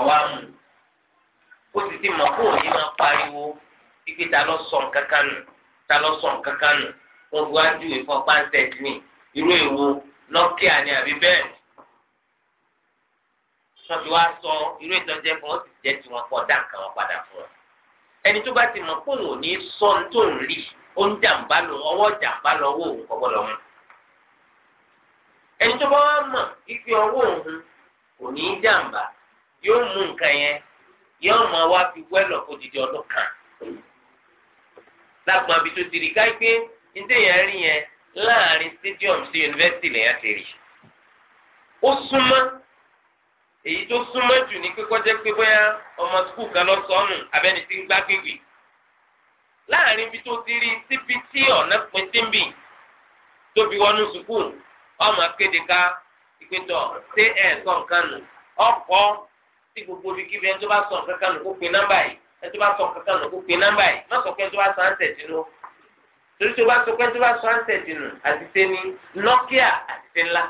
ọwọ́ àmú ó sì ti mọ̀ kó òní máa pariwo pípé ta lọ sọ nǹkan kan nù ta lọ sọ nǹkan kan nù wọ́n fi wá júwe fún ọ pàǹtẹ̀tì ní irú èwo nọ́kíà ni àbí bẹ́ẹ̀ wọ́n fi wá sọ irú ìtọ́jẹ́ fún ọ sì jẹ́ tiwọn pọ̀ dá nǹkan wọn padà fún ọ ẹni tó bá ti mọ̀ kó òní sọ tó ń rí ó ń jàǹbá lọ ọwọ́ jàǹbá lọ owó òun kọ́kọ́ lọ́wọ́ ẹni tó bá wá mọ̀ ife ọwọ́ òun kò ní í jàǹbá yóò mú nǹkan yẹn yóò máa wá fi wẹ́lọ̀ odidi ọdún kan lágbọn àbí tó ti rí ká pé ntẹ̀yìn rí yẹn láàrin stadium sí yunifásitì lèyàn ti rí ó súnmọ́ èyí tó súnmọ́ jù ní pé kọjá pé bóyá ọmọ sukùl kan lọ sọnù abẹ́ni tí ń gbá gbègbè láàrin ibi tó ti rí síbi tí ọ̀nà pin tí ń bì tóbi wọnú sukùl ọmọ akéde ká ìpẹ́tọ̀ ṣé ẹ̀ sọ nǹkan nù ọkọ̀ tí gbogbo ibi kíbi ẹni tó bá sọ nǹkan kan lò kó pe nọ́mbà yìí ẹni tó bá sọ nǹkan kan lò kó pe nọ́mbà yìí má sọ pé ẹni bá sọ ansẹ̀tì nù torí tó bá sọ pé ẹni bá sọ ansẹ̀tì nù àti ṣe ni Nokia àti ṣe ńlá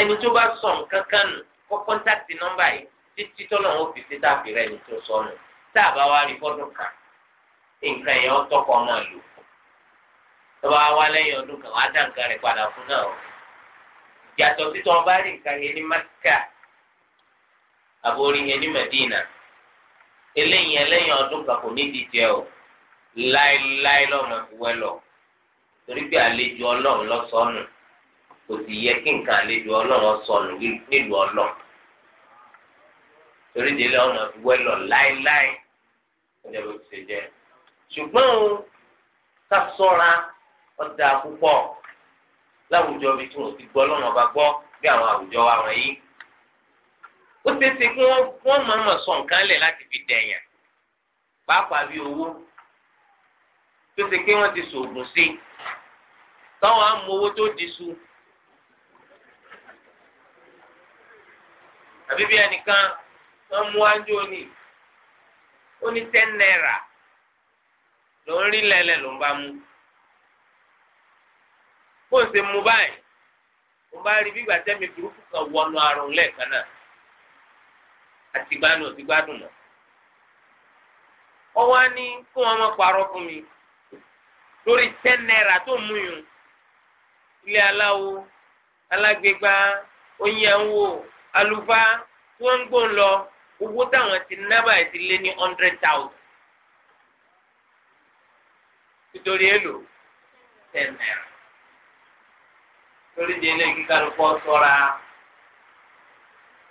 ẹni tó bá sọ nǹkan kan nù kó kọ́ńtàkì nọ́mbà yìí títí tọ́nà ó fi ṣe tàbí rẹ̀ ní tó sọ nù tá a bá wá rí fọ́dún kan nǹkan yẹn tọkọ ọmọ ìlú tó bá lẹ́yìn ọdún kan wá dá nǹkan rẹ̀ padà fún náà yàtọ̀ sí tó rí nǹkan yẹn ní mákà àbórí yẹn ní Medina eléyìí ẹlẹ́yìn ọdún kan kò ní ìdíje o láéláé lọ́mọ ìwẹ́ lọ torí pé àlejò ọlọ́run lọ sọnù kò sì yẹ kí nǹkan àlejò ọlọ́run sọnù nílùú ọlọ́run torí délé ọmọ ìwẹ́ lọ láéláé ọjọ́ bó ti ṣe jẹ́ ṣùgbọ́n o ká sọ́ra ọ̀dà púpọ̀ láwùjọ bí tí wọ́n ti gbọ́ lọ́nà ọba gbọ́ bí àwọn àwùjọ àwọn yìí ó ṣeéṣe kí wọ́n wọ́n máa ma sọ nǹkan lẹ̀ láti fi dẹ̀yàn pàápàá bí owó tó ṣe pé wọ́n ti sòògùn sí táwọn á mú owó tó di su àbí bí ẹnìkan wọ́n mú ájó ni ó ní ten naira ló ń rí lẹ́lẹ̀ ló ń bá mú bó ń ṣe mú báyìí mo bá rí bí ìgbà tẹ́mi burúkú kan wọnú àrùn lẹ́ẹ̀kan náà àti gbanu òsì gbádùn mọ́. ọwọ́ á ní kó wọn mọ̀ parọ́ fún mi lórí ten naira tó mú yùn ilé aláwo alágbègbà oyinyẹnwó àlùfáà tí wọ́n ń gbóhùn lọ owó táwọn ti ná báyìí ti lé ní hundred thousand nítorí èlò ten naira lórí di eléyìí kíkà fọ́ sọ́ra.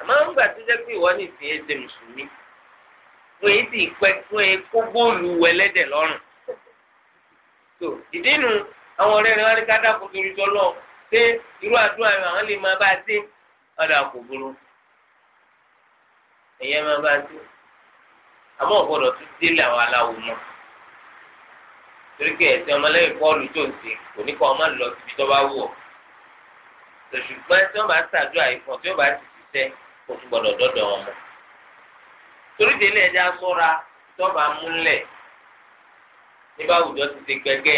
àmọ́ ńgbà tó jẹ́ pé ìwọ nìsín yé ṣe mùsùlùmí wọ́n èyí sì pẹ́ fún ẹ kó bóòlù wẹlẹ́dẹ̀ lọ́rùn. tó ìdínú àwọn ọ̀rẹ́ rẹ wá ní kádà kó torí tọ́ lọ pé irú àdúrà yẹn àwọn lè máa bá a dé ọ̀dà kò burú ẹ̀yẹ máa bá a dé àmọ́ ọ̀gbọ́dọ̀ tún délé àwọn aláwo mọ́ torí pé ẹ̀sìn ọmọlẹ́yìn bọ́ọ̀lù tó ń sè kò ní kọ́ ọmọ lọ síbi tó bá wù ọ́ ṣùgbọ́n tí wọ́n bá ṣàdúrà ìfọ̀n tí wọ́n bá ti fẹ́ kó tún gbọdọ̀ dọ́dọ̀ wọn mọ́. torí délé ẹja sọ́ra tọ́ba múlẹ̀ nígbà àwùjọ ti ti gbẹgẹ́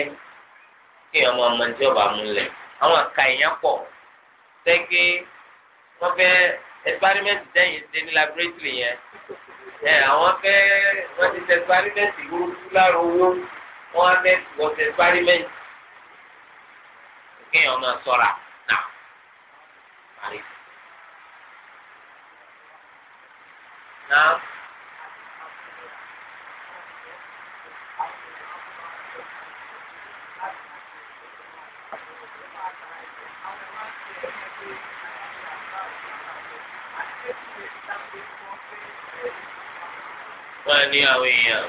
kí èèyàn máa mọ tí ọba múlẹ̀ àwọn àka èèyàn pọ̀ tẹ́gẹ́ wọ́n fẹ́ ẹsipárímẹ́ǹtì dẹ́yìn ṣe ní labirétìrì yẹn ẹ àwọn fẹ́ wọ́n ti ṣe ẹsipárímẹ́ǹtì burúkú lára owó wọ́n á fẹ́ ṣe ẹsipárímẹ́ǹtì kí èèyàn máa sọ́ra náà. náà. wọ́n ní àwọn èèyàn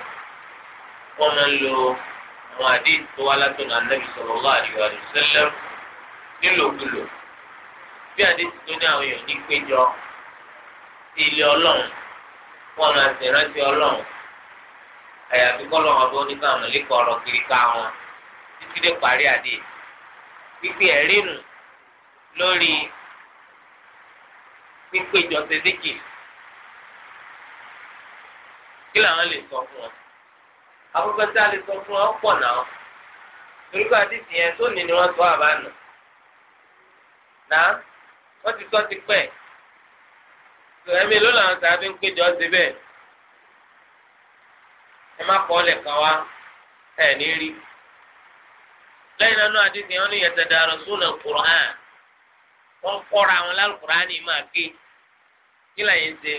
wọ́n máa ń lo àwọn àdéhùn tó wá látọ̀nà anábì sallallahu alaihi wa sallam nílòkulò bí àdéhùn tó ní àwọn èèyàn ní péjọ sí ilé ọlọ́run wọn máa sì rántí ọlọ́run àyàfi kọ́ lọ́wọ́ bó ní káwọn lẹ́kọ̀ọ́ kiri ká wọn títí dé parí àdé pípé ẹ̀rí nù lórí pípé ìjọsìn díkì kí làwọn lè sọ fún wọn akókò tá a lè sọ fún wọn pọ̀ náà torí pé àdìsí tó ní ni wọ́n sọ àbá nù náà wọ́n ti sọ ti pẹ́ ẹ̀mí ló làwọn sábẹ́ ń péjọ ṣe bẹ́ẹ̀ ẹ má kọ́ ọ́lẹ̀ kan wá ẹ̀ ní rí lẹ́yìn náà náà àdìsí wọn ní yẹtẹ̀dà rọ̀ṣúnà kùrán wọn kọ́ra àwọn lálùkùrán ní máa ké kí lẹ́yìn ṣe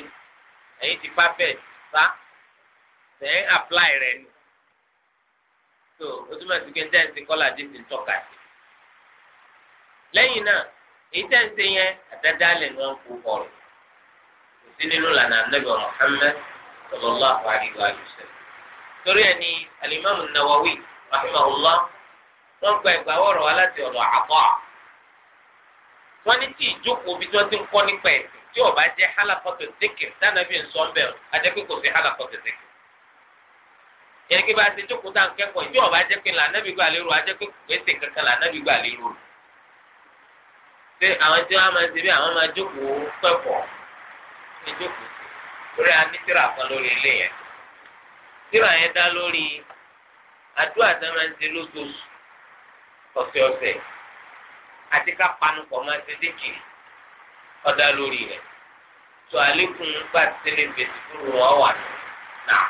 ẹ̀yìn ti pa sá ẹ̀ ń apply rẹ̀ ni so o túmọ̀ sí pé tẹ́ǹsì kọ́lá àdìsí ń tọ́ka sí lẹ́yìn náà èyí tẹ́ǹsì yẹn àtẹ́dálẹ̀ ni wọ́n kú ọ̀rọ̀. sí nínú lànà ànábì Muhammad sallallahu alaihi wa sallam. torí ẹ ní alimami Nawawi rahimahullah wọn gba ẹgbàá wọ̀rọ̀ wa láti ọ̀rọ̀ àbọ̀ wọn ní tí ìjókòó bí wọn ti ń kọ́ nípa ẹ̀sìn tí ó bá halakọtò zikir tánàbí nsọmbẹ adẹkẹ kò sí halakọtò zikir yẹn kí bá ti jókòó tá à ń tí pé lànàbí lérò pèsè kankan lànàbí lérò ṣé àwọn tí wọn máa ṣe bí àwọn máa jókòó níjókòó lórí anítìrà kan lórí ilé yẹn tìrà yẹn dá lórí àdúrà tó máa ń ṣe lóṣooṣù ọ̀sẹ̀ọ̀sẹ̀ àti ká panupọ̀ máa ṣe dékìrì ọ̀dá lórí rẹ̀ tó àlékún bá tẹ́lẹ̀ fèsì fúru wọn wà náà.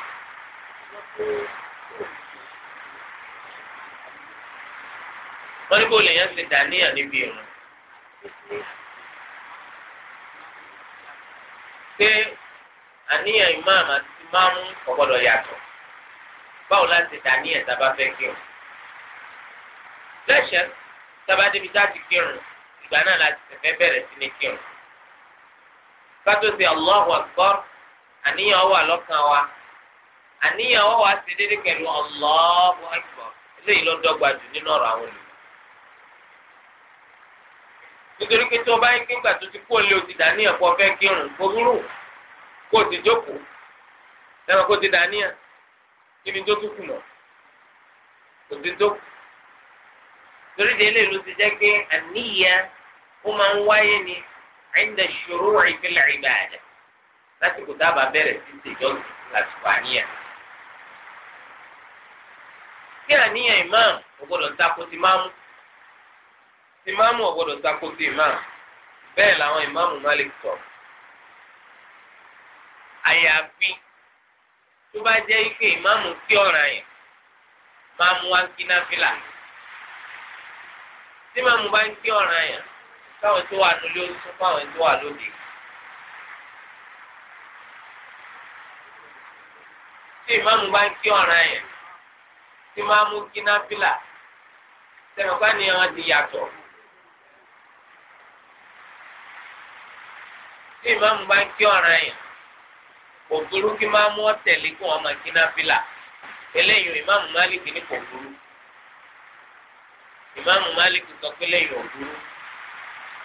wọ́n ní kó lè yẹn ṣe dàníyàn níbi ìrùn. pé àníyàn imam àti imamu ọ̀gbọ́dọ̀ yàtọ̀ báwo láti dàníyàn sábà fẹ́ kírun lẹ́sẹ̀ sábà débi tá a ti kírun ìgbà náà láti fẹ́ bẹ̀rẹ̀ sí ní kírun kátó ṣe Allahu Akbar àníyàn wà lọ́kàn wa àníyàn wà wá ṣe déédéé Allahu Akbar eléyìí ló dọ́gba jù nínú ọ̀rọ̀ àwọn olùkọ́ nítorí pé tó bá yẹ kí ńgbà tó ti kó lé o ti dàníyà kó fẹ́ kírun kó burú kó o ti jókòó lẹ́nu kó o ti dàníyà kí ni tó tún kù mọ́ kò ti tó torí de eléyìí ti jẹ́ pé àníyàn ó máa ń wáyé ni inda shuru'i fil ibada lásìkò dábàá bẹ̀rẹ̀ sí ìṣèjọ́ lásìkò àníyàn. kí àníyàn ìmáàmù kò gbọdọ̀ takò ti máa mú ìmáàmù ọ̀gbọ́dọ̀ sako sí ìmáàmù bẹ́ẹ̀ làwọn ìmáàmù Malik sọ. àyàfi tó bá jẹ́ ike ìmáàmù sí ọ̀ràn yẹn máa mú wá kí fila tí ìmáàmù bá ń kí ọ̀ràn yẹn káwọn tó wà nílé ó tún fáwọn tó wà lóde. tí ìmáàmù bá ń kí ọ̀ràn yẹn tí máa kí náfìlà tẹ̀wọ̀n bá ti yàtọ̀. tí ìmáàmù bá ń kí ọ̀ràn yẹn kò burú kí máàmù ọ̀tẹ̀lẹ̀ kí wọ́n máa kí náfìlà eléyìí ìmáàmù Málíkì ní kò burú ìmáàmù Málíkì sọ pé lẹ́yìn ò burú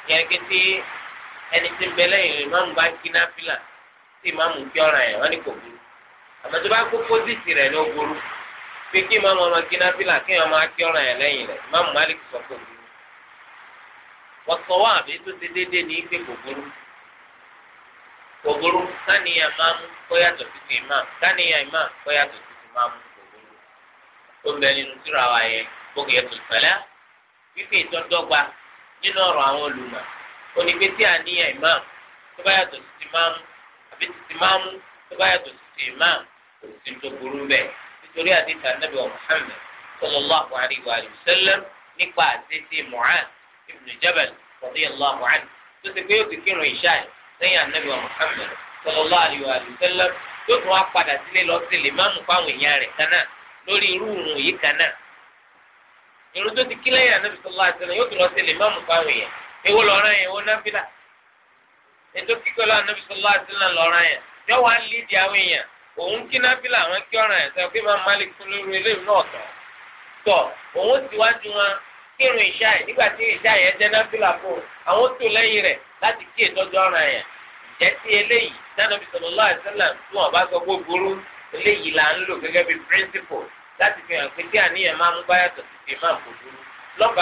yẹn kí tí ẹni tí ń bẹ lẹ́yìn ìmáàmù bá ń kí náfìlà tí ìmáàmù kí ọ̀ràn yẹn wọ́n ní kò burú àmọ́ tó bá kó pósìtì rẹ̀ ní ó burú pé kí ìmáàmù ọmọ kí náfìlà kí wọ́n máa ọ̀ràn yẹn lẹ́yìn rẹ̀ ìmáàmù Málíkì sọ pé kò burú wọ́n sọ wá àbí tó ti déédéé ní í pé kò burú kògbóró káníyàn máa mú kóyàtọ̀ sí ti imam káníyàn imam kóyàtọ̀ sí ti máa mú kògbóró ó ń bẹ nínú síra wa yẹn gbogbo yẹn tó pẹ̀lẹ́ fífi ìtọ́dọ́gba nínú ọ̀rọ̀ àwọn olùmọ̀ onígbé tí àníyàn imam tó bá yàtọ̀ sí ti máa mú àbí ti ti máa mú tó bá Nabi sí ti imam kò wa Muhammad sallallahu alayhi wa sallam nípa àti ibnu Mu'adh ibn Jabal radiyallahu anhu tó ti pé yóò ti kírun ìṣáà yìí lẹ́yìn anabi muhammed sallallahu alaihi wa sallam tó tún wá padà sílé lọ sí lèmánu fáwọn èèyàn rẹ̀ kan náà lórí irú òrùn yìí kan náà irun tó ti kí lẹ́yìn anabi sallallahu alaihi wa yóò tún lọ sí lèmánu fáwọn èèyàn ewo lọ́rọ̀ yẹn ewo náfìlà ètò kíkọ́ lọ anabi sallallahu alaihi wa sallam lọ́rọ̀ yẹn yọ wá lídìí àwọn èèyàn òun kí náfìlà àwọn kí ọ̀ràn yẹn sọ kírun ìṣá yìí nígbà tí ìṣá yẹn jẹ́ náfìlà fún àwọn tó lẹ́yìn rẹ láti kí ìtọ́jú ọ̀ràn yẹn jẹ sí eléyìí sanabi sọlọ́lá tí bá sọ pé burú eléyìí là ń lò gẹ́gẹ́ bí principle láti fi hàn pé tí àníyàn máa sí fi máa kò burú sọ pé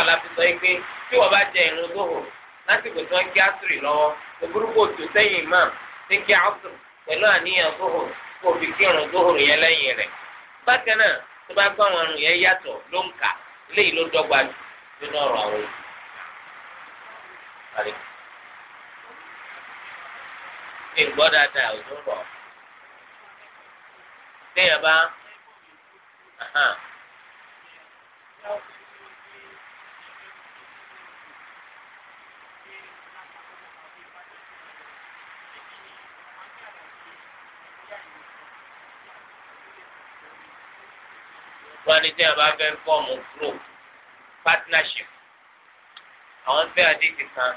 tí bá jẹ irun tí kí òbúrú kò tó kí àníyàn kò fi kí irun bákan nínú ọ̀rọ̀ àwọn èyí. ṣé ń gbọ́ dáadáa ò tún rọ̀? téèyàn bá wọ́n ní téèyàn bá fẹ́ fọ́ọ̀mù group partnership àwọn ń fẹ́ àdéhìí kan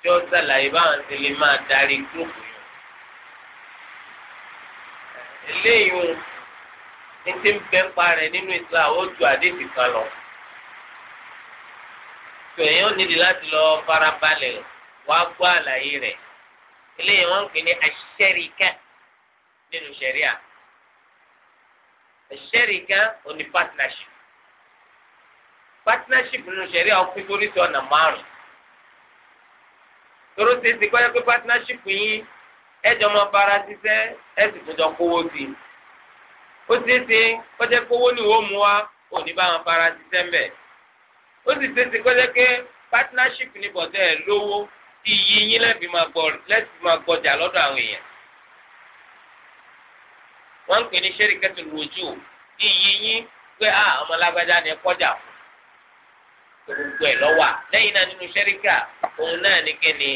tí ó ṣàlàyé báwọn ti lè máa darí group. yìí eléyìí ní ti ń bẹ́ pa rẹ̀ nínú Islam ó ju àdéhìí kan lọ tó èèyàn nídi láti lọ farabalẹ̀ wàá gbọ́ àlàyé rẹ̀ eléyìí wọ́n ń pè ní àṣẹríkà nínú ṣẹ̀ríà àṣẹríkà ó partnership partnership nínú sẹ̀rí ọkùnrin tó ní ti ọ̀nà márùn. toro ṣe ti kọ́ yẹ pé partnership yín ẹjọ́ máa bára ṣiṣẹ́ ẹ sì tún jọ kówó sí i. ó ṣe é ṣe kọ́jẹ́ kówó ni ìwọ́n mu wá òní bá wọn bára ṣiṣẹ́ ń ó sì ṣe é ṣe kọ́jẹ́ pé partnership ni bọ̀dẹ́ ẹ̀ lówó tí iyì yín lẹ́sì máa gbọ́jà lọ́dọ̀ àwọn èèyàn. wọ́n ń pè ní sẹ́ríkẹ́tù lójú iyì yín pé ah, ọmọ lágbájá ni ẹ kọjá fún gbogbo ẹ̀ lọ́wà lẹ́yìn náà nínú sẹ́ríkà òun náà ní kíni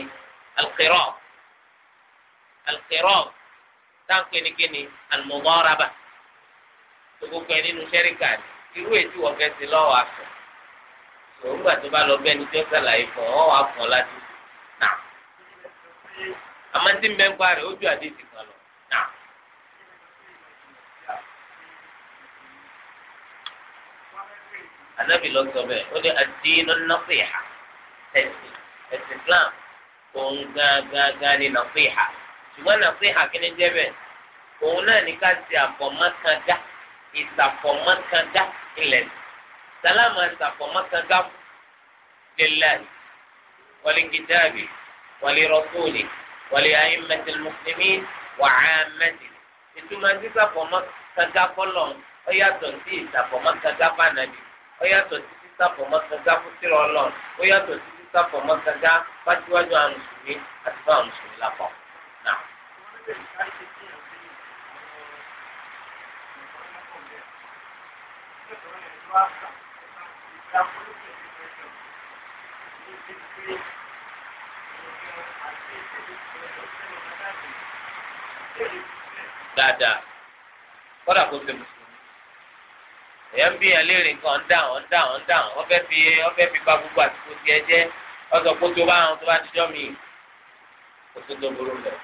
alqirab alqirab táǹpé ní kíni almudaraba gbogbo ẹ̀ nínú sẹ́ríkà irú ètí wọ́n fẹ́ sí lọ́wọ́ àfẹ́ òwúrọ̀ tó bá lọ bẹ́ẹ̀ ni tó sàlàyé fún ọ wà láti nà àmọ́ tí ń bẹ́ ń parí ó ju àdéhìí lọ. anabi lọ sọ bẹ́ẹ̀ ó ní àdínú nọfìhà ẹsìn ẹsìn islam òun gángan ní nọfìhà ṣùgbọ́n nọfìhà kí ni jẹ́ bẹ́ẹ̀ òun náà ní ká ti àfọmọ́kànjá ìsàfọmọ́kànjá ilẹ̀ sálámà ìsàfọmọ́kànjá lillahi walikitabi walirasuli waliaimatil muslimin wa aamati ìtumọ̀ sísàfọmọ́kànjá fọlọ́n ó yàtọ̀ sí ìsàfọmọ́kànjá fànàbí ó yàtọ̀ sí sísá fọmọ́sánjá fúsírọ̀ ọlọ́run ó yàtọ̀ sí sísá fọmọ́sánjá fájúwájú àwọn mùsùlùmí àti fáwọn mùsùlùmí lápọ̀ náà. dáadáa kódà kó ṣe mùsùlùmí èèyàn ń bí yàn léèrè nǹkan ń dáhùn ń dáhùn ń dáhùn wọ́n fẹ́ fi wọ́n fẹ́ fi bá gbogbo àtìkò tiẹ̀ jẹ́ ọ̀sọ̀ kótó bá àwọn tó bá dijọ́ mi kótó tó burú mẹ́.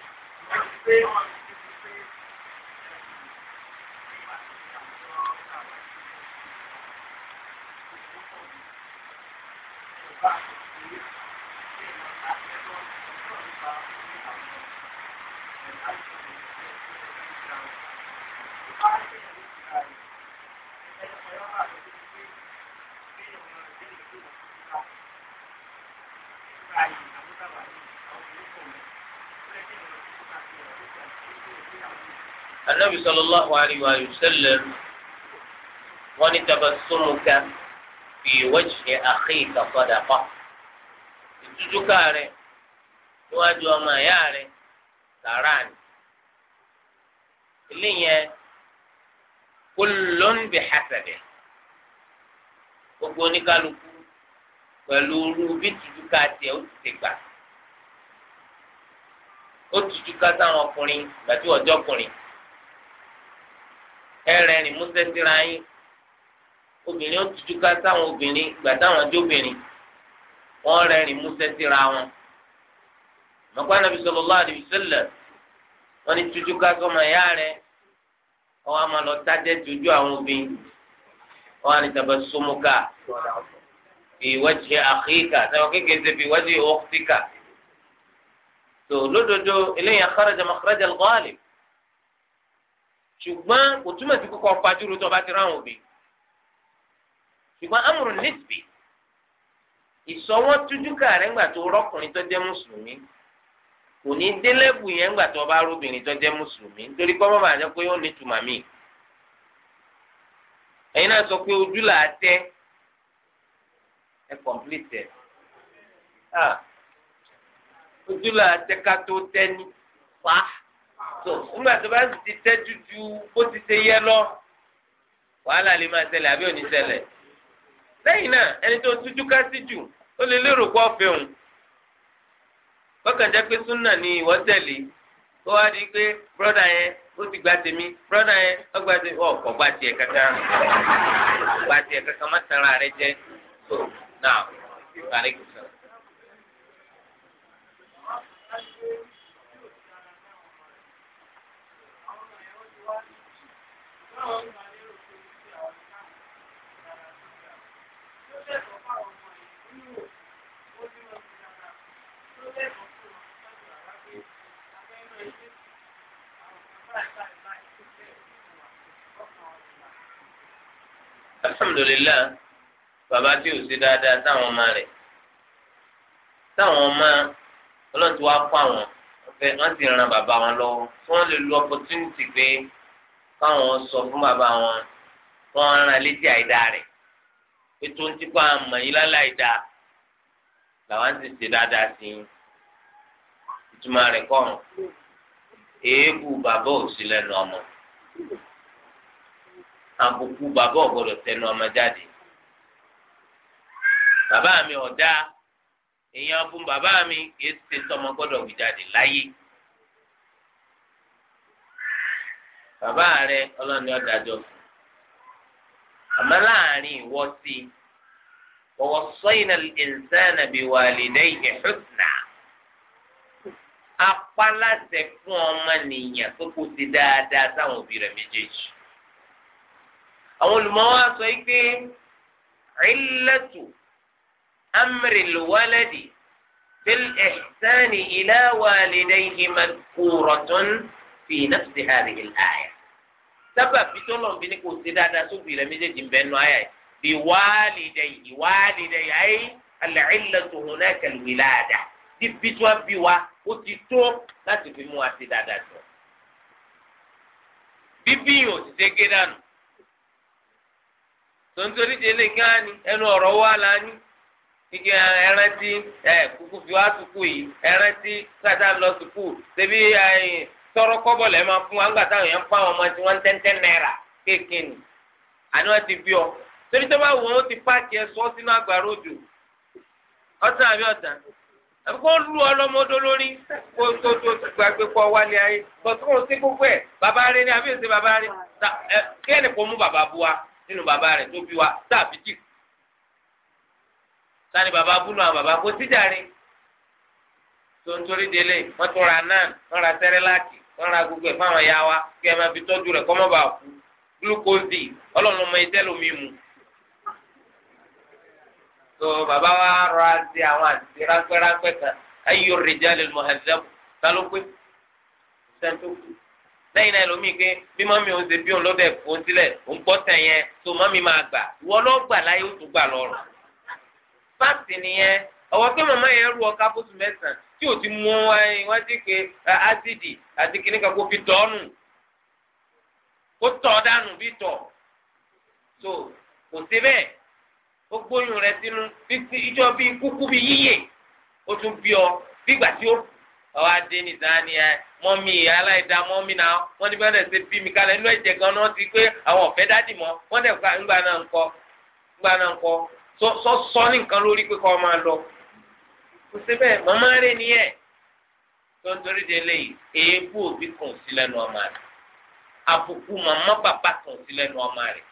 النبي صلى الله عليه وآله وسلم وان تبسمك في وجه أخيك صدقة ìtújúká rẹ níwájú ọmọ ìyá rẹ sàrà ni ilé yẹn kullun bihasabihi gbogbo oníkálukú pẹ̀lú irú bí tìjúká tiẹ̀ ó ti ti gbà ó tìjúká sáwọn ọkùnrin gbàtí ọjọ́ ọkùnrin ẹrẹ ni musa síra yín obìnrin ó tìjúká sáwọn obìnrin gbàtí àwọn ọjọ́ obìnrin wọ́n rẹ ni musa síra wọn mọ̀kọ́ anabi sallallahu alaihi wasallam wọ́n ní tìjúká sọmọ ẹ̀yà rẹ̀ ọwọ́ àmọ́ lọ tájẹ́ tójú àwọn obìnrin wọ́n á ní tabasumuka fi wájú àkíkà táwọn kékeré ṣe fi wájú ọ̀kíkà tó lódodo eléyìí akọ́rẹ́jà mọ̀kọ́rẹ́jà lọ́ọ̀lì ṣùgbọ́n kò túmọ̀ sí kókó fajúro tó bá ti ráhùn òbí ṣùgbọ́n amúrò nísìbí ìsọwọ́ tújúkà rẹ̀ ńgbà tó rọ́kùnrin tó jẹ́ mùsùlùmí kò ní délẹ́bù yẹn ńgbà tó bá róbìnrin tó jẹ́ mùsùlùmí nítorí kọ́ mọ́ bàjẹ́ pé ó ní tùmà ẹ̀yin náà sọ pé ojú là tẹ́ ẹ kọ̀m̀plìtì ẹ̀ ojúlọ àtẹ̀ká tó fa tó nígbà tó bá ti tẹ́jú ju bó ti ṣe yẹ lọ wàhálà lè máa ṣẹlẹ̀ àbí òní ṣẹlẹ̀ lẹ́yìn náà ẹni tó tújú ká sí jù ó lè lérò pọ̀ fẹ́hùn kọ́kànjẹ́ pé súnà ni ìwọ́ tẹ̀lé wá di pé yẹn ó ti gba náà parí kìsọ. Alhamdulillah bàbá tí ò ṣe dáadáa sáwọn ọmọ rẹ̀ sáwọn ọmọ ọlọ́run ti wá fún àwọn ọ̀fẹ́ wọ́n ti ran bàbá wọn lọ́wọ́ tí wọ́n lè lu opportunity pé káwọn sọ fún bàbá wọn kí wọ́n ran létí àìdá rẹ̀ pé tó ń tipa àmọ̀ yìí láláì dáa làwọn ti ṣe dáadáa sí i ìtumọ̀ rẹ̀ kọ́ èébù bàbá ò sí lẹ́nu ọmọ àbùkù bàbá ò gbọdọ̀ tẹnu ọmọ jáde bàbá mi ọ̀dá èèyàn fún bàbá mi kìí ṣe tọmọ gbọ́dọ̀ wí jáde láyé. bàbá rẹ ọlọ́ni ọ̀dájọ́ àmọ́ láàrin ìwọ sí i wọ́wọ́ sọ́yìn al-insana biwalidayhi husna apálàṣẹ fún ọmọnìyàn tó kó ti dáadáa sáwọn òbí rẹ̀ méjèèjì. àwọn olùmọ̀wá sọ pé ìlẹ́tù amri lwaladi bil ihsani ila walidayhi madkuratun fi nafsi hadhihi al-aya sábàbí tó lọ́n bí ní kò sí dáadáa sóbì rẹ méjèèjì ń bẹ nù ayà yìí bí wàlídẹ̀yì wàlídẹ̀yì ayé alẹ́ẹ̀lẹ́tò hùn náà kẹlùmí láàdá bíbí tí wọ́n bí wa ó ti tó láti fi mú wa sí dáadáa tó. bíbí yìí ò ti ṣe gé dànù. tontorí délé gán ni ẹnu ọ̀rọ̀ wa la ní kíkẹ́ ẹrántí ẹ kúkú fi wá sùkú yìí ẹrántí gbàtà lọ sùkú ṣebí tọrọ kọ́bọ̀ lẹ́ máa fún wa gbàtà yẹn fún àwọn ọmọ tí wọ́n ń tẹ́ntẹ́ náírà kéèké ni àní wọ́n ti bí ọ torí tó bá wù wọ́n ó ti páàkì ẹ sọ sínú àgbàrá òjò ọ̀tá àbí ọ̀tá àbí kò lu ọlọ́mọdé lórí kó tó tó ti gbàgbé kọ́ wálé ayé bọ̀tú sí gbogbo ẹ̀ bàbá rẹ ni àbí èsè bàbá rẹ kí kò mú bàbá bu wa nínú bàbá rẹ tó bí wa tá àbí jì sani baba búlù àwọn baba kó síjàre tó ń torí délé wọ́n tún ra nan wọ́n ra sẹrẹláàkì wọ́n ra gbogbo ẹ fáwọn ya wa kí ẹ máa fi tọ́jú rẹ̀ kọ́mọ́ bá kú glucose ọlọ́run ọmọ iṣẹ́ lomi mu tó baba wa rọra ṣe àwọn àti ránpẹ́ ránpẹ́ kan ayò rìjálè mọ̀hẹ́dẹ́bù ta ló pé sẹ́ńtò kù lẹ́yìn náà lómi pé bí mọ́mí òun ṣe bí òun lọ́dẹ̀ fòun sílẹ̀ òun gbọ́ tẹ̀yẹn tó mọ́mí máa gbà ìwọ gbà láyé ó tún gbà lọ́rùn. fáàtì nìyẹn ọwọ́ e màmá yẹn rú ọkà fóṣù tí o ti mú ti ké ásíìdì àti kíní kó fi nù kó tọ́ dànù bí tọ̀ tó kò sí bẹ́ẹ̀ ó gbóyún rẹ sínú kúkú yíyè ó ọ bígbà tí ó adé ní sani ẹ mọ́mí aláìda mọ́mí náà wọ́n ṣe bí mi inú ti pé àwọn dádì sọ sọ ní nǹkan lórí pé kọ́ máa lọ kò sí bẹ́ẹ̀ ni rẹ̀ nìyẹn tó ń torí de léyìí èébú òbí kàn sí lẹ́nu ọmọ rẹ̀ àbùkù màmá bàbá kàn sí lẹ́nu ọmọ rẹ̀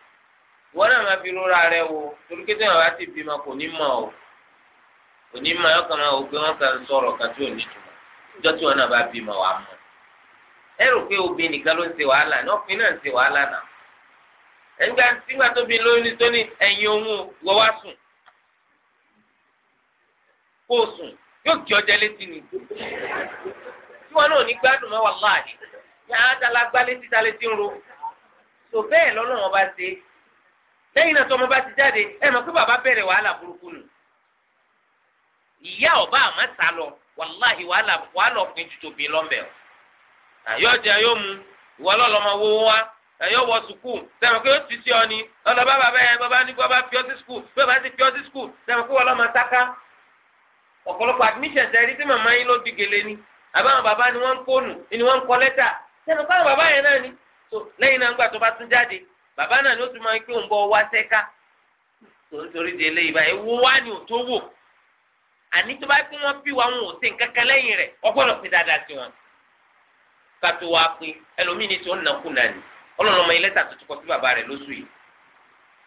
náà máa fi rẹ wo torí pé bá ti bímọ kò ní mọ̀ o kò ní mọ̀ ọkàn máa wò pé wọ́n kàn sọ̀rọ̀ kan tí ò ní ìjọ tí náà bá bímọ mọ̀ ẹ rò pé obìnrin nìkan ló ń wàhálà ọkùnrin ẹgbẹ́ nígbà tó bí lóyún tó ní ẹ̀yìn ohun wọ́ wá sùn kó o sùn yóò kí ọjà létí ni tí wọn náà ní gbádùn mọ́ wàláhì yà á dala gbá létí ta létí ń ro tó bẹ́ẹ̀ lọ́nà wọn bá ṣe lẹ́yìn náà tọ́mọ bá ti jáde ẹ mọ̀ pé bàbá bẹ̀rẹ̀ wàhálà burúkú nù ìyá ọba àmọ́ sá lọ wàláhì wàhálà wàhálà ọkùnrin tuntun bí lọ́mbẹ̀ àyọ̀jẹ̀ yóò mu ìwọ lọ́lọ́mọ wọ́wọ́ wá ẹ̀yọ́ wọ sùkúù sẹ́wọ̀n pé ó ti sí ọ ni ọlọ́ba bàbá yẹn bàbá ní bàbá fi ọ sí sùkúù bí bàbá ti fi ọ sí sùkúù sẹ́wọ̀n pé ọlọ́mọ sáká ọ̀pọ̀lọpọ̀ admission ṣe rí tí màmá yín ló di gèlè ni àbáwọn bàbá ni wọ́n ń kónù ni wọ́n kọ lẹ́tà sẹ́wọ̀n pé àwọn bàbá yẹn náà ni so lẹ́yìn náà ńgbà tó bá tún jáde bàbá náà ni ó tún máa ń pé òun bọ̀ wá sẹ́ká nítorí di eléyìí báyìí wo wá ni ò tó wò àní tó bá pín wọn bí wa wọn ò sí nǹkan kan lẹ́yìn rẹ̀ ọgbọ́dọ̀ pé wọn ká wá pé ẹlòmíì tó ń nàkú nàní ọlọ́run ọmọ ilé tàbí tukọ̀ sí bàbá rẹ̀ lóṣù yìí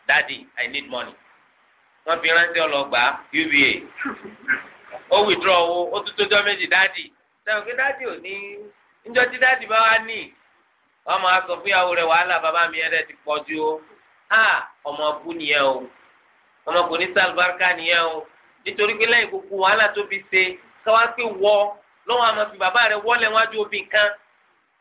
dadi i need money wọ́n fi ránṣẹ́ ọlọ́gbà uba ó wìdúrọ̀ owó ó tún tójọ́ méjì dadi sẹ́wọ̀n pé dadi ò ní níjọ́ tí dadi bá wá ní wọ́n máa sọ fún ìyàwó rẹ̀ wàhálà bàbá mi ẹ̀rẹ́ ti pọ̀ ju o ọmọ ọbú nìyẹn o ọmọ kò ní sàlùbáríkà nìyẹn o nítorí pé lẹ́yìn gbogbo wàhálà tó ṣe káwá pé wọ́ lọ́wọ́ àmọ́ fi bàbá rẹ̀ wọ́lẹ̀ wájú obì kan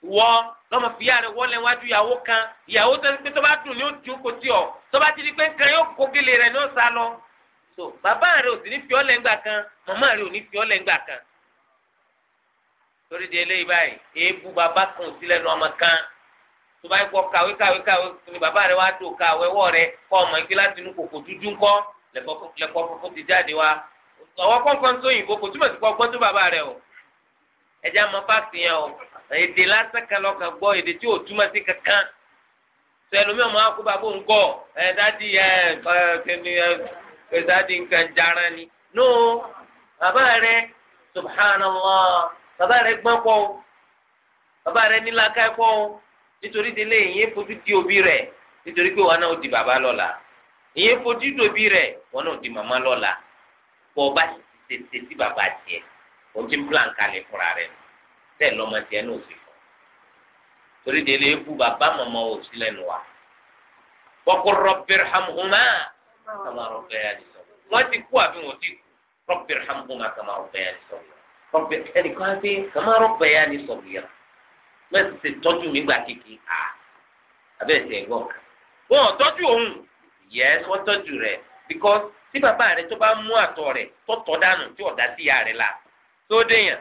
wọ lọmọ fìyà rẹ wọlé wájú ìyàwó kan ìyàwó tó ní pé tó bá dùn ní òtún kò tí ọ tó bá ti di pé nǹkan yóò kó gèlè rẹ ní òsà lọ so bàbá rẹ ò sì ní fiọ́ lẹ́ngbà kan màmá rẹ ò ní fiọ́ lẹ́ngbà kan torí di eléyìí báyìí èébú bàbá kan ò sí lẹ́nu ọmọ kan tó bá yẹ kọ kàwé kàwé kàwé ni bàbá rẹ wá dò kàwé wọ rẹ kọ ọmọ igi láti inú kòkò dúdú ńkọ lẹkọ funfun ti jáde wá ọwọ́ kọ̀ọ̀kan o ẹ̀jẹ̀ àmọ́ fáàkì yẹn o èdè lásán kan lọ́kàn gbọ́ èdè tí ò túmọ̀ sí kankan sẹlómi ọmọ akóbá bó ń gọ ẹ dádì ẹ kẹni ẹ ẹ dádì nǹkan jara ni no bàbá rẹ subhanallah bàbá rẹ gbọ́n kọ́ o bàbá rẹ ní làákà kọ́ o nítorí délé ìyẹn fojú di òbí rẹ nítorí pé wọn náà di bàbá lọ́la ìyẹn fojú di òbí rẹ wọn náà di màmá lọ́la bọ́ ọ bá tètè sí bàbá tiẹ̀ o ti ń plan kalẹ̀ fúnra rẹ nù tẹ́ lọ́mọ tiẹ̀ náà sì fọ́ torí délé eku bàbá màmá ò sí lẹ́nu wa kọ́kọ́ rọ́bìrì hàmùhùmá kàmá rọ́bìrì yà ni sọ wọ́n ti kú àbí wọ́n ti kú rọ́bìrì hàmùhùmá kàmá rọ́bìrì yà ni sọ rọ́bìrì ẹnìkan á fi kàmá rọ́bìrì ni sọ yẹra mẹ́sì ti tọ́jú mi gbà kékeré à abẹ́rẹ́ tẹ̀ gbọ́ wọn tọ́jú òun yẹ́s wọ́n tọ́jú rẹ̀ because tí bàbá rẹ̀ tó bá mú àtọ̀ rẹ̀ tó tọ́ dànù tí ọ̀dà sí ìyá rẹ̀ la tó déyàn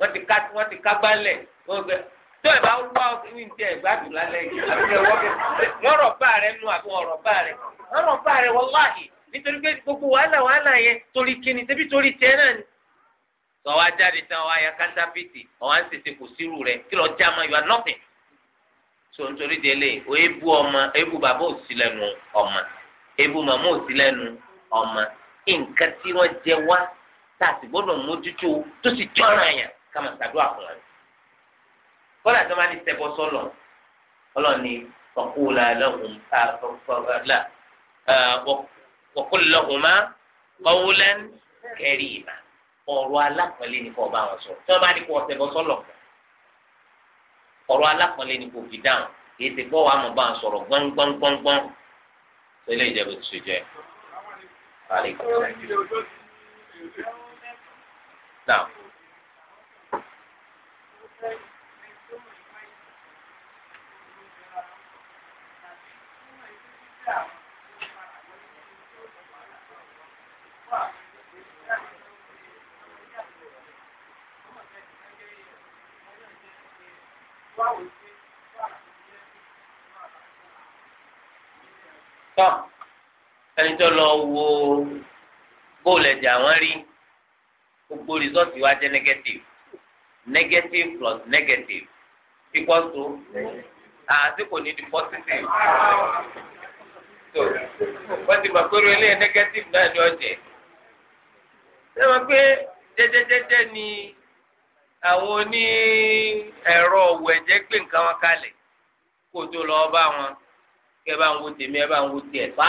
wọ́n ti ká wọ́n ti ká gbálẹ̀ wọ́n gbẹ tó ẹ bá wá ní ti ẹ gbádùn lálẹ́ yìí wọ́n rọ̀ bá rẹ nù àbí wọ́n rọ̀ bá rẹ wọ́n rọ̀ bá rẹ wàláhì nítorí pé gbogbo wàhálà wàhálà yẹn torí kíni tẹbi torí tẹ náà ni. sọ wá jáde tán wá ya kántáfìtì ọ̀hán tètè kò sírù rẹ kí lọ já ma you are nothing. nítorí délé o ebu ọmọ ebu bàbá òsì lẹ́nu ọmọ ebu màmá òsì lẹ́nu ọmọ nǹkan tí wọ́n jẹ wá tá a sì gbọ́dọ̀ mójútó tó sì jọ́ràn yàn kàmá ṣàdúrà fún wọn. kọ́lá tó máa ní sẹ́bọ̀ sọ́lọ̀ ọlọ́ni ọ̀kúlà lọ́hùn fàlà ọ̀kúlà lọ́hùn má ọ̀wúlẹ̀ kẹrì ìmà ọ̀rọ̀ alápọ̀nlé ni kò bá wọn sọ tí wọ́n bá ní kó sẹ́bọ̀ sọ́lọ̀ ọ̀rọ̀ alápọ̀nlé ni kò fi dáhùn kì í ti gbọ́ wàá mọ̀ bá wọn sọ̀rọ̀ gbọ́ngbọ́ngbọ́ngbọ́n tó ilé ìjẹ́bù ti ṣe jẹ́ Now tọ́ ẹni tó lọ wo bóòlù ẹ̀jẹ̀ àwọn rí gbogbo rìsọ́ọ̀tì wa jẹ́ nẹ́gẹ́tìfù negative plus negative equals to àti ah, kò di positive so wọ́n ti mọ̀ pé orí ilé negative náà ni ọ̀jẹ̀ ṣé wọ́n pé jẹ́jẹ́jẹ́jẹ́ ni àwọn oní ẹ̀rọ ọ̀wọ̀ ẹ̀jẹ̀ gbé nǹkan wọn kalẹ̀ kó tó lọ bá wọn kẹ́ bá ń wo tèmi ẹ bá ń wo tiẹ̀ pa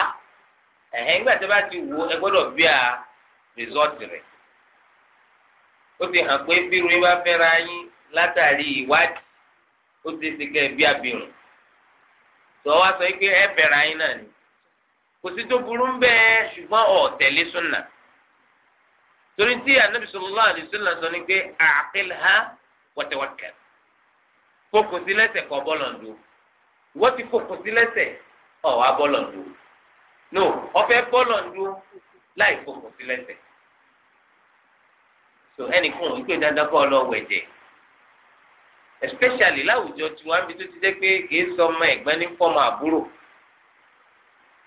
ẹ̀hẹ́n nígbà tí wọ́n bá ti wo ẹ gbọ́dọ̀ bí a result rẹ̀ ó ti hàn pé bírun yín bá fẹ́ra yín látàrí ìwádìí ó ti ti kẹ́ bí àbírùn tó wá sọ pé ẹ fẹ́ra yín náà ni kò sí tó burú ń bẹ́ ṣùgbọ́n ọ̀ tẹ̀lé súnà torí tí anabi sallallahu alaihi wasallam sọ ni pé aqilha wa tawakkal fokùn sí lẹ́sẹ̀ kọ́ bọ́ọ̀lù ọ̀dọ́ wọ́n ti fokùn sí lẹ́sẹ̀ ọ̀ wá bọ́ọ̀lù ọ̀dọ́ no ọ̀fẹ́ bọ́ọ̀lù ọ̀dọ́ láì fokùn sí lẹ́sẹ̀ tó ẹnìkan ìpè dandan kọ́ lọ wẹ̀jẹ̀ especially láwùjọ tí wọ́n á bí tó ti jẹ́ pé kì í sọ ọmọ ẹ̀gbọ́n ní fọ́ọ̀mù àbúrò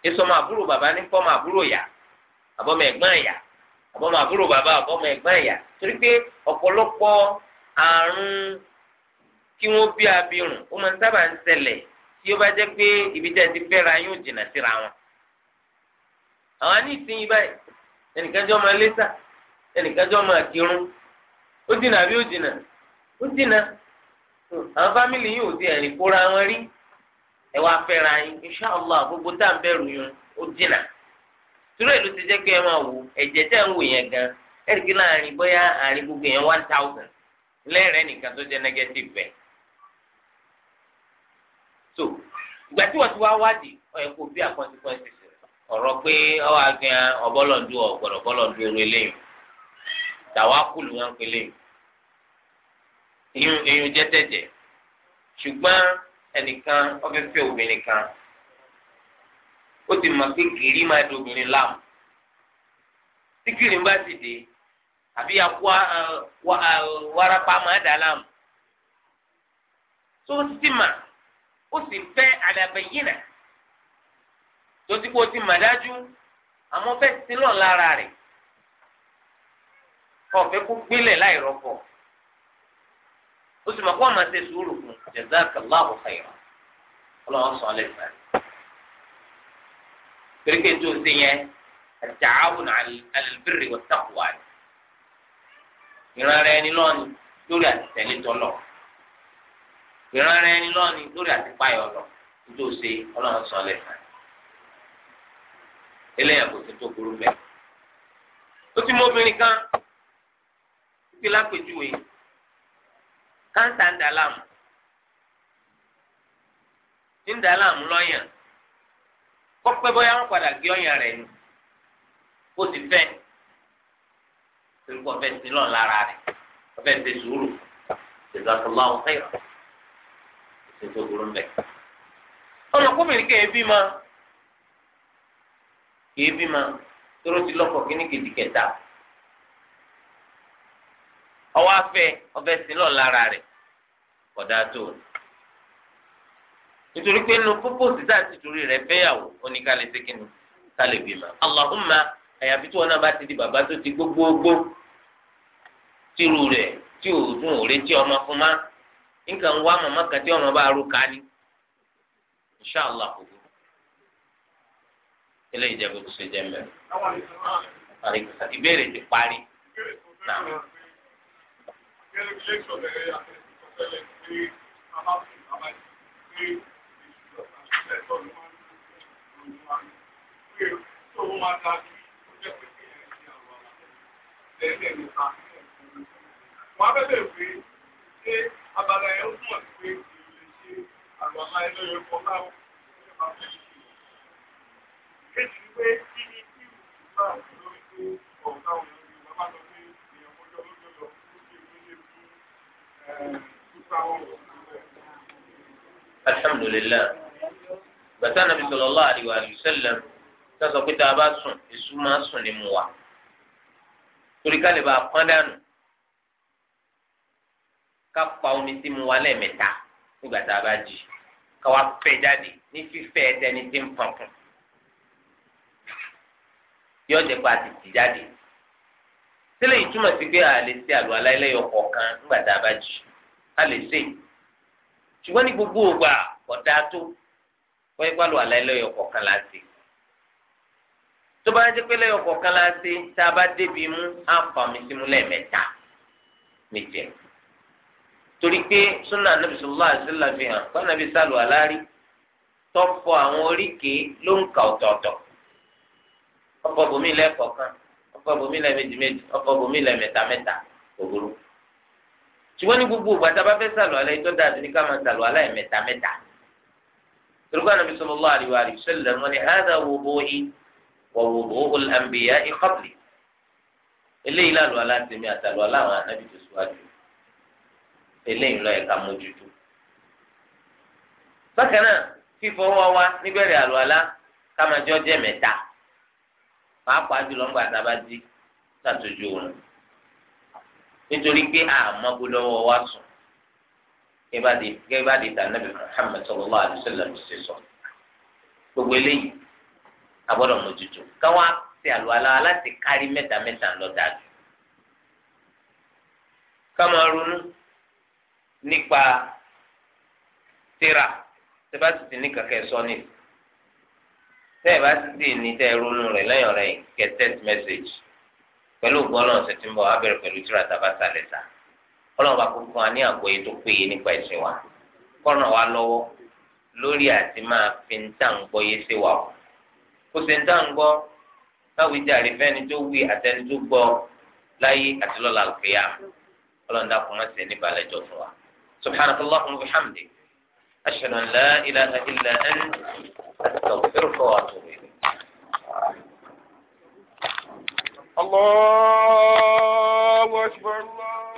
kì í sọ ọmọ àbúrò bàbá ní fọ́ọ̀mù àbúrò yá àbọ̀mọ̀ ẹ̀gbọ́n ẹ̀yà àbọ̀mọ̀ àbúrò bàbá àbọ̀mọ̀ ẹ̀gbọ́n ẹ̀yà torí pé ọ̀pọ̀lọpọ̀ àrùn kí wọ́n bí abirùn ó máa ń sábà ń ṣẹlẹ̀ tí ó bá jẹ́ pé ibi tẹ́ ẹ ti fẹ́ra yóò jìnnà síra wọn. àwọn anísìnyí báyìí ẹnìkan jẹ́ ọmọ ẹlẹ́sà ẹnìkan jọ máa kírun ó dìnnà àbí ó dìnnà ó dìnnà àwọn fámìlì yìí ò di ẹ̀rìn kóra wọn rí ẹ wá fẹ́ra yín allah gbogbo tá à ń bẹ̀rù yín ó dìnnà ìlú ti jẹ́ pé ẹ máa wò ẹ̀jẹ̀ tẹ̀ ń wò yẹn gan ẹ̀rìkì láàrin bóyá àárín gbogbo yẹn one thousand lẹ́rẹ̀ẹ́ nìkan tó jẹ́ negative bẹ́ẹ̀. so ìgbà tí wọ́n ti wá wádìí ọ̀yẹ́ bí ọ̀rọ̀ pé Tawakulu wọn pélé ìyún ìyún jẹ́tẹ̀jẹ̀ ṣùgbọ́n ẹnìkan ọfẹ́ fẹ́ obìnrin kan ó ti mọ̀ pé gìrì máa di obìnrin láàmú tí gìrì bá ti dé àbí akó warapa máa dà láàmú tó ti mà ó sì fẹ́ àdàbẹ̀yìnà tó ti kó ti mà dájú àmọ́ fẹ́ sílọ̀ lára rẹ̀. ọ̀fẹ́ kú gbélé láì rọ́pò ó sì mọ̀ kó ọmọ ṣe sùúrù fún jazakallahu khairan ọlọ́run sọ lẹ́sẹ̀ pèrèkè tó ṣe yẹn at-ta'awun 'ala al-birri wat-taqwa ìran rẹ ni lọ́ọ̀ni lórí ìran rẹ ni lórí lọ tó ṣe sọ eléyàwó tó tó burú ó ti mú obìnrin kan. kí lápèjúwe káńtà ń dàlámù ń dàlámù lọ́yàn kọ́pẹ́ bóyá wọ́n padà gé ọ̀yàn rẹ̀ ni ó ti fẹ́ torúkọ fẹ́ sílọ̀ lára rẹ̀ ọfẹ́ ti sùúrù ìzàkùnlá ọ̀fẹ́ ìṣètò burú mbẹ́. ọlọ́kùnrin kẹ́ ẹ bí ma kì í bí ma toró ti lọ́kọ̀ kíní kìdìkẹta. ọwọ́ afẹ́ ọbẹ̀ lọ lára rẹ kọ̀dá tó o nítorí pé inú púpọ̀ sísá ti torí rẹ̀ fẹ́yàwó oníkàlẹ̀ sékìnnì kálẹ̀ bímọ Allahumma àyàfi tí wọn náà bá ti di bàbá tó ti gbogbogbò tìrù rẹ̀ tí ò dùn ọmọ fún ma nǹkan wá màmá kan tí ọmọ bá rú ká ní kò ṣe jẹ́ Thank you. alhamdulilayi bàtà nàbì sallallahu alaihi wa sallam sọsọ pé tá a bá sùn èso máa sùn ní mu wa torí ká lè bá a pọ́n dànù ká pa omi sí mu wa lẹ́ẹ̀mẹ́ta nígbà tá a bá jì ká wá fẹ́ jáde ní fífẹ́ ẹ̀dẹ́ni tí ń pọ̀npọ̀n yóò jẹ́ pé a ti tì jáde sílẹ̀ ìtumọ̀ sí pé a lè ṣe àlùwalá ẹlẹ́yọ̀ kọ̀ọ̀kan nígbà tá a bá jì a lè ṣe é ṣùgbọ́n ní gbogbo ògbà ọ̀dà tó wọ́n ipá lò àlàyé lẹ́yọ̀ kọ̀ọ̀kan láti. tó bá jẹ́ pé lẹ́yọ̀ kọ̀ọ̀kan láti tá a bá débi mú àǹfààní símú lẹ́ẹ̀mẹ́ta nìjẹ́. torí pé súnà nàbì sallallahu alaihi wasallam fi hàn kọ́ nàbì sálù alárí tọ́pọ̀ àwọn oríkèé ló ń kà ọ̀tọ̀ọ̀tọ̀ ọ̀pọ̀ bòmí lẹ́ẹ̀kọ̀ọ̀kan ọ̀pọ̀ bòmí lẹ́ẹ̀méjìméjì ọ̀pọ̀ bòmí lẹ́ẹ̀mẹ́tamẹ́ta òwúrò ṣùgbọ́n ní gbogbo ìgbà tá a bá fẹ́ sàlù alẹ́ ìtọ́ da àdúní ká máa sàlù alẹ́ mẹ́ta mẹ́ta. turugba nàbí sallallahu alaihi wa sallam wọn ni hada wudu'i wa wudu'u al-anbiya'i qabli. eléyìí lálù alá tèmi àtàlù alá àwọn anábì tó síwájú eléyìí lọ ẹ̀ka mójútó. bákan náà fífọwọ́ wa níbẹ̀rẹ̀ àlù alá ká máa jọ jẹ́ mẹ́ta pàápàá jùlọ ńgbà tá a bá dí sàtòjú òun nítorí pé àmọ́gbó lọ́wọ́ wa sùn kébàdì tànàbì Muhammad sallallahu alaihi wasallam ṣe sọ gbogbo eléyìí agbọ́dọ̀ mójútó káwá ti àlùwalá láti kárí mẹ́ta mẹ́ta lọ dájú káma ronú nípa tíra tẹ́bá sì ti ní kàkẹ́ sọ ní tẹ́ẹ̀bá sì ti ní tẹ́ẹ̀ ronú rẹ̀ lẹ́yìn rẹ̀ kẹ́ text pẹ̀lú gbọ́nà ọ̀sẹ̀ tí ń bọ̀ abẹ́rẹ́ pẹ̀lú tíra tá a bá sàlẹ̀ sà ọlọ́run bá kó fún wa ní àgbọ́yé tó péye nípa ẹ̀sìn wa kọ́nà wa lọ́wọ́ lórí àti máa fi ń tà ń gbọ́ yé sí wa o kó ṣe ń tà ń gbọ́ táwọn ìjà rẹ̀ fẹ́ni tó wí àtẹni tó gbọ́ láyé àti lọ́la àlùkìyà ọlọ́run dákun má ṣe níbàlẹ̀ jọ fún wa subhanaka wa bihamdik illa anta astaghfiruka wa Allah, Allah, Allah.